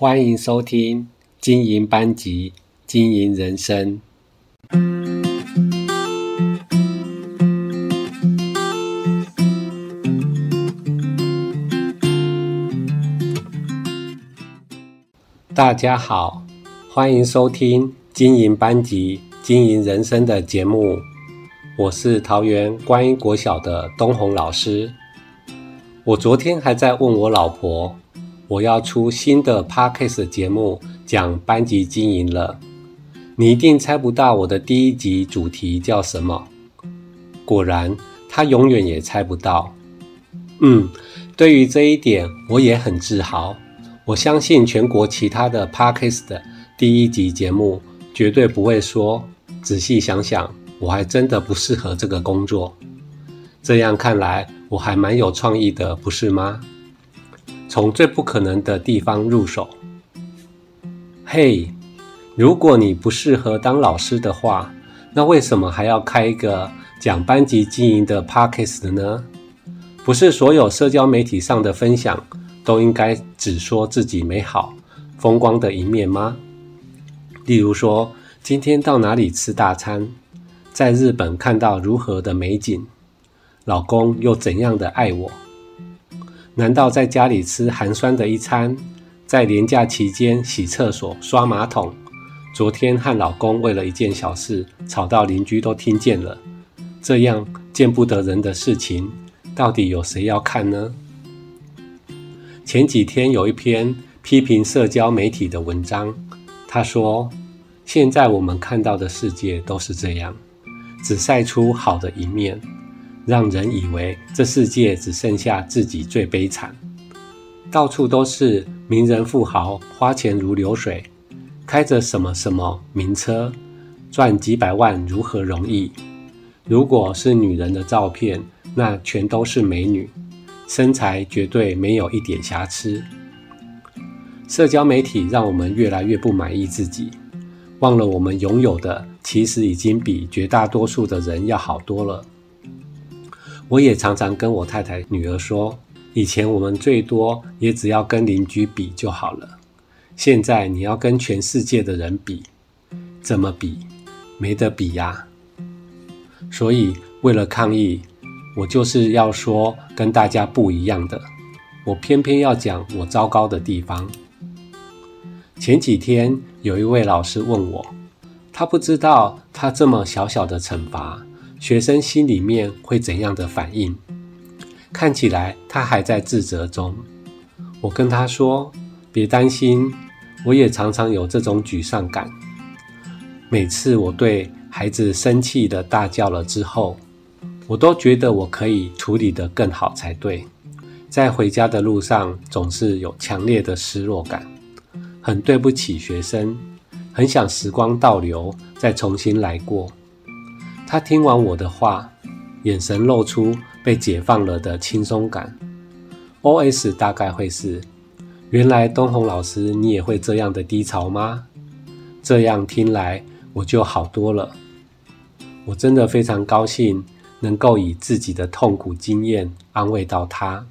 歡迎收聽《經營班級，經營人生》。大家好，歡迎收聽《經營班級，經營人生》的節目。我是桃園觀音國小的東紅老師。我昨天還在問我老婆。我要出新的 Podcast 節目，講班級經營了。你一定猜不到我的第一集主題叫什麼。果然，他永遠也猜不到。嗯，對於這一點，我也很自豪。我相信全國其他的 Podcast 的第一集節目絕對不會說。仔細想想，我還真的不適合這個工作。這樣看來，我還蠻有創意的，不是嗎？從最不可能的地方入手。嘿、hey，如果你不適合當老師的話，那為什麼還要開一個講班級經營的 Podcast 呢？不是所有社交媒體上的分享都應該只說自己美好風光的一面嗎？例如說，今天到哪裡吃大餐，在日本看到如何的美景，老公又怎樣的愛我。難道在家裡吃寒酸的一餐，在年假期間洗廁所、刷馬桶？昨天和老公為了一件小事吵到鄰居都聽見了。這樣見不得人的事情，到底有誰要看呢？前幾天有一篇批評社交媒體的文章，他說：“現在我們看到的世界都是這樣，只曬出好的一面。”讓人以為這世界只剩下自己最悲慘，到處都是名人富豪，花錢如流水，開着什麼什麼名車，賺幾百萬如何容易？如果是女人的照片，那全都是美女，身材絕對沒有一點瑕疵。社交媒體讓我們越來越不滿意自己，忘了我們擁有的其實已經比絕大多數的人要好多了。我也常常跟我太太、女兒說，以前我們最多也只要跟鄰居比就好了。現在你要跟全世界的人比，怎麼比？沒得比呀！所以為了抗議，我就是要說跟大家不一樣的。我偏偏要講我糟糕的地方。前幾天有一位老師問我，他不知道他這麼小小的懲罰。學生心裡面會怎樣的反應？看起來他還在自責中。我跟他說：“別擔心，我也常常有這種沮喪感。每次我對孩子生氣的大叫了之後，我都覺得我可以處理得更好才對。在回家的路上，總是有強烈的失落感。很對不起學生，很想時光倒流，再重新來過。”他聽完我的話，眼神露出被解放了的輕鬆感。OS 大概會是：原來東宏老師，你也會這樣的低潮嗎？這樣聽來，我就好多了。我真的非常高興，能夠以自己的痛苦經驗安慰到他。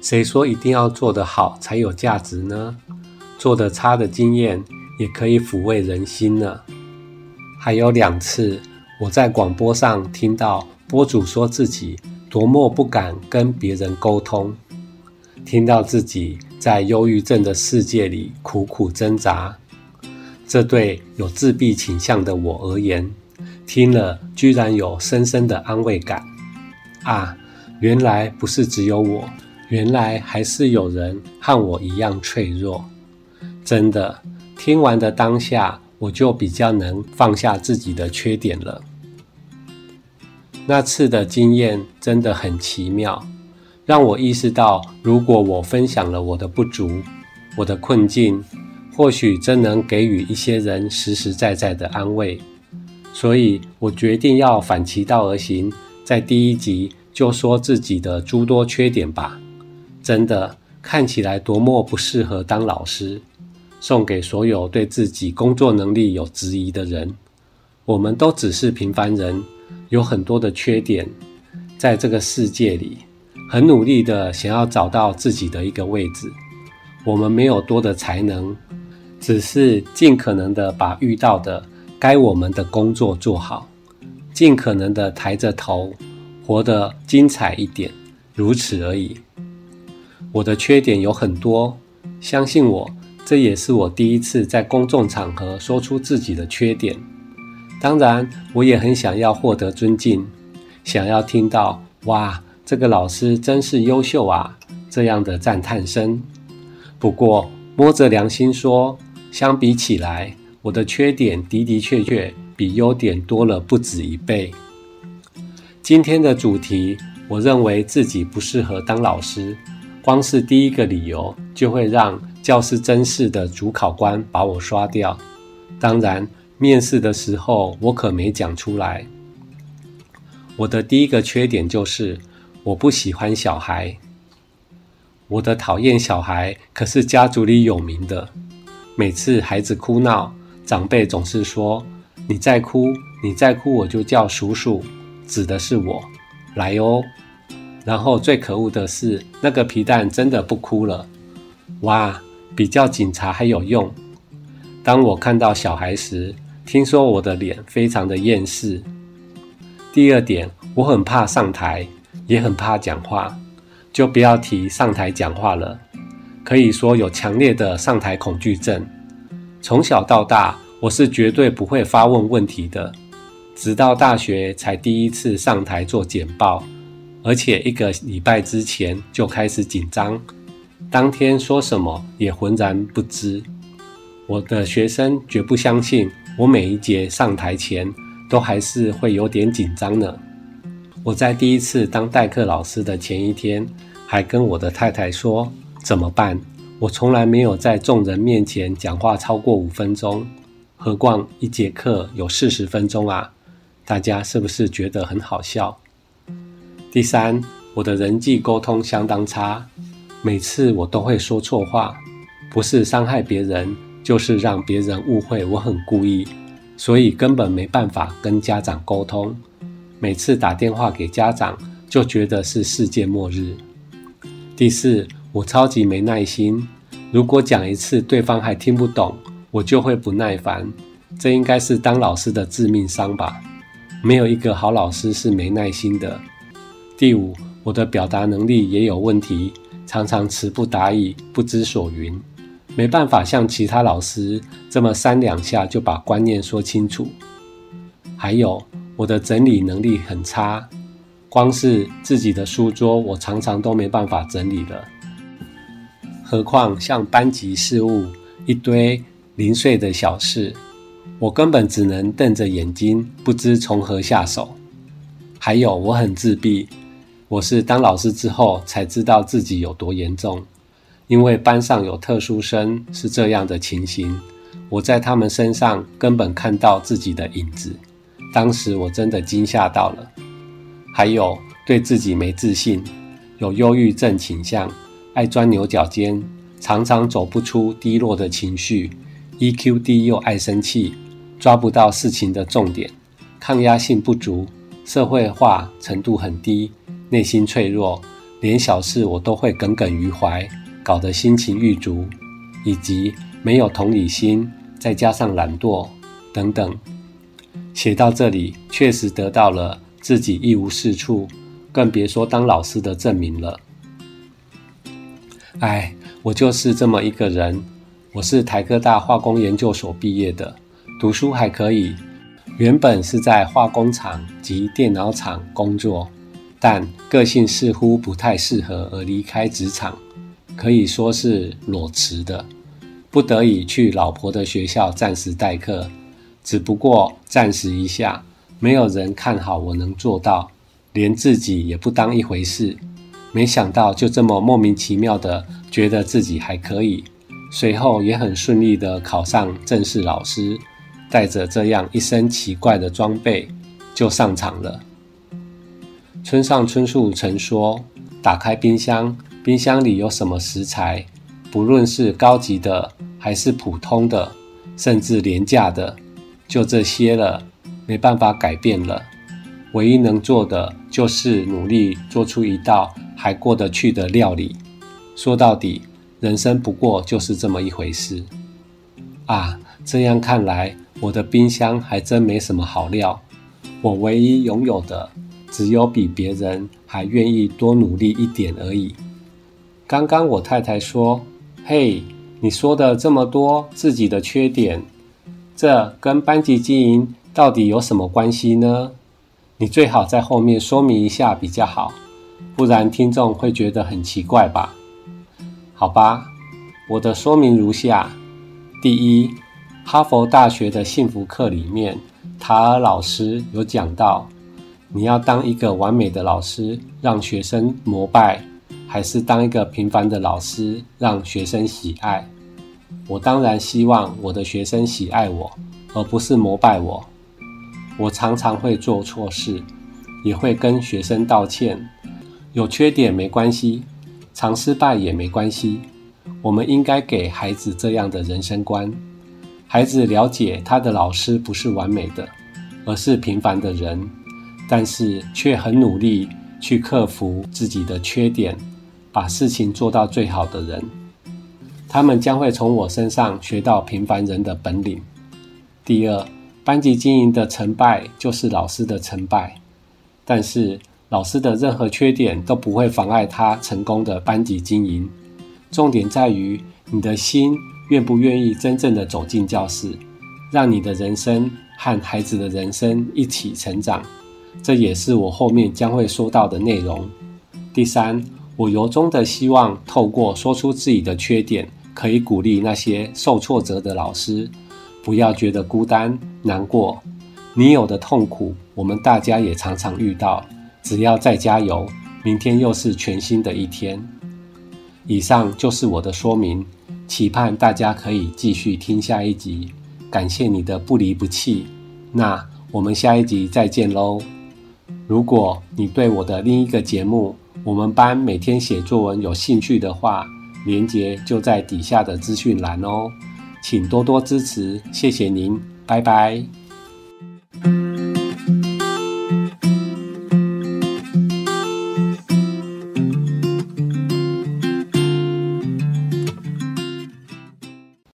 誰說一定要做得好才有價值呢？做得差的經驗也可以撫慰人心呢。還有兩次，我在廣播上聽到播主說自己多麼不敢跟別人溝通，聽到自己在憂鬱症的世界裡苦苦掙扎，這對有自閉傾向的我而言，聽了居然有深深的安慰感。啊，原來不是只有我，原來還是有人和我一樣脆弱。真的，聽完的當下。我就比較能放下自己的缺點了。那次的經驗真的很奇妙，讓我意識到，如果我分享了我的不足、我的困境，或許真能給予一些人實實在在的安慰。所以我決定要反其道而行，在第一集就說自己的諸多缺點吧。真的，看起來多麼不適合當老師。送給所有對自己工作能力有質疑的人，我們都只是平凡人，有很多的缺點，在這個世界裡，很努力的想要找到自己的一個位置。我們沒有多的才能，只是盡可能的把遇到的該我們的工作做好，盡可能的抬着頭，活得精彩一點，如此而已。我的缺點有很多，相信我。這也是我第一次在公眾場合說出自己的缺點。當然，我也很想要獲得尊敬，想要聽到“哇，這個老師真是優秀啊”這樣的讚嘆聲。不過，摸着良心說，相比起來，我的缺點的的確確比優點多了不止一倍。今天的主題，我認為自己不適合當老師，光是第一個理由就會讓。教師甄試的主考官把我刷掉，當然面試的時候我可沒講出來。我的第一個缺點就是我不喜歡小孩。我的討厭小孩可是家族裡有名的，每次孩子哭鬧，長輩總是說：“你再哭，你再哭，我就叫叔叔，指的是我，來哦。”然後最可惡的是那個皮蛋真的不哭了，哇！比較警察還有用。當我看到小孩時，聽說我的臉非常的厭世。第二點，我很怕上台，也很怕講話，就不要提上台講話了。可以說有強烈的上台恐懼症。從小到大，我是絕對不會發問問題的，直到大學才第一次上台做簡報，而且一個禮拜之前就開始緊張。當天說什麼也渾然不知，我的學生絕不相信，我每一節上台前都還是會有點緊張呢。我在第一次當代課老師的前一天，還跟我的太太說：“怎麼辦？我從來沒有在眾人面前講話超過五分鐘，何況一節課有四十分鐘啊？大家是不是覺得很好笑？”第三，我的人際溝通相當差。每次我都會說錯話，不是傷害別人，就是讓別人誤會我很故意，所以根本沒辦法跟家長溝通。每次打電話給家長，就覺得是世界末日。第四，我超級沒耐心，如果講一次對方還聽不懂，我就會不耐煩。這應該是當老師的致命傷吧？沒有一個好老師是沒耐心的。第五，我的表達能力也有問題。常常詞不達意，不知所云，沒辦法像其他老師這麼三兩下就把觀念說清楚。還有，我的整理能力很差，光是自己的書桌，我常常都沒辦法整理了，何況像班級事務一堆零碎的小事，我根本只能瞪着眼睛，不知從何下手。還有，我很自閉。我是當老師之後才知道自己有多嚴重，因為班上有特殊生是這樣的情形，我在他們身上根本看到自己的影子。當時我真的驚嚇到了。還有對自己沒自信，有憂鬱症傾向，愛鑽牛角尖，常常走不出低落的情緒，EQ 低又愛生氣，抓不到事情的重點，抗壓性不足，社會化程度很低。內心脆弱，連小事我都會耿耿於懷，搞得心情鬱卒，以及沒有同理心，再加上懶惰等等。寫到這裡，確實得到了自己一無是處，更別說當老師的證明了。唉，我就是這麼一個人。我是台科大化工研究所畢業的，讀書還可以，原本是在化工廠及電腦廠工作。但個性似乎不太適合而離開職場，可以說是裸辭的，不得已去老婆的學校暫時代課，只不過暫時一下，沒有人看好我能做到，連自己也不當一回事，沒想到就這麼莫名其妙的覺得自己還可以，隨後也很順利的考上正式老師，帶着這樣一身奇怪的裝備就上場了。村上春樹曾說：“打開冰箱，冰箱裡有什麼食材？不論是高級的，還是普通的，甚至廉價的，就這些了，沒辦法改變了。唯一能做的就是努力做出一道還過得去的料理。說到底，人生不過就是這麼一回事啊！這樣看來，我的冰箱還真沒什麼好料。我唯一擁有的……”只有比別人還願意多努力一點而已。剛剛我太太說：“嘿，你說的這麼多自己的缺點，這跟班級經營到底有什麼關係呢？你最好在後面說明一下比較好，不然聽眾會覺得很奇怪吧？”好吧，我的說明如下：第一，哈佛大學的幸福課裡面，塔爾老師有講到，你要當一個完美的老師，讓學生膜拜，還是當一個平凡的老師，讓學生喜愛？我當然希望我的學生喜愛我，而不是膜拜我。我常常會做錯事，也會跟學生道歉。有缺點沒關係，常失敗也沒關係。我們應該給孩子這樣的人生觀：孩子了解他的老師不是完美的，而是平凡的人。但是卻很努力去克服自己的缺點，把事情做到最好的人，他們將會從我身上學到平凡人的本領。第二，班級經營的成敗就是老師的成敗，但是老師的任何缺點都不會妨礙他成功的班級經營。重點在於你的心願不願意真正的走進教室，讓你的人生和孩子的人生一起成長。這也是我後面將會說到的內容。第三，我由衷地希望透過說出自己的缺點，可以鼓勵那些受挫折的老師，不要覺得孤單，難過。你有的痛苦，我們大家也常常遇到。只要再加油，明天又是全新的一天。以上就是我的說明，期盼大家可以繼續聽下一集。感謝你的不離不棄。那我們下一集再見嘍。如果你對我的另一個節目《我們班每天寫作文》有興趣的話，連結就在底下的資訊欄哦，請多多支持，謝謝您，拜拜。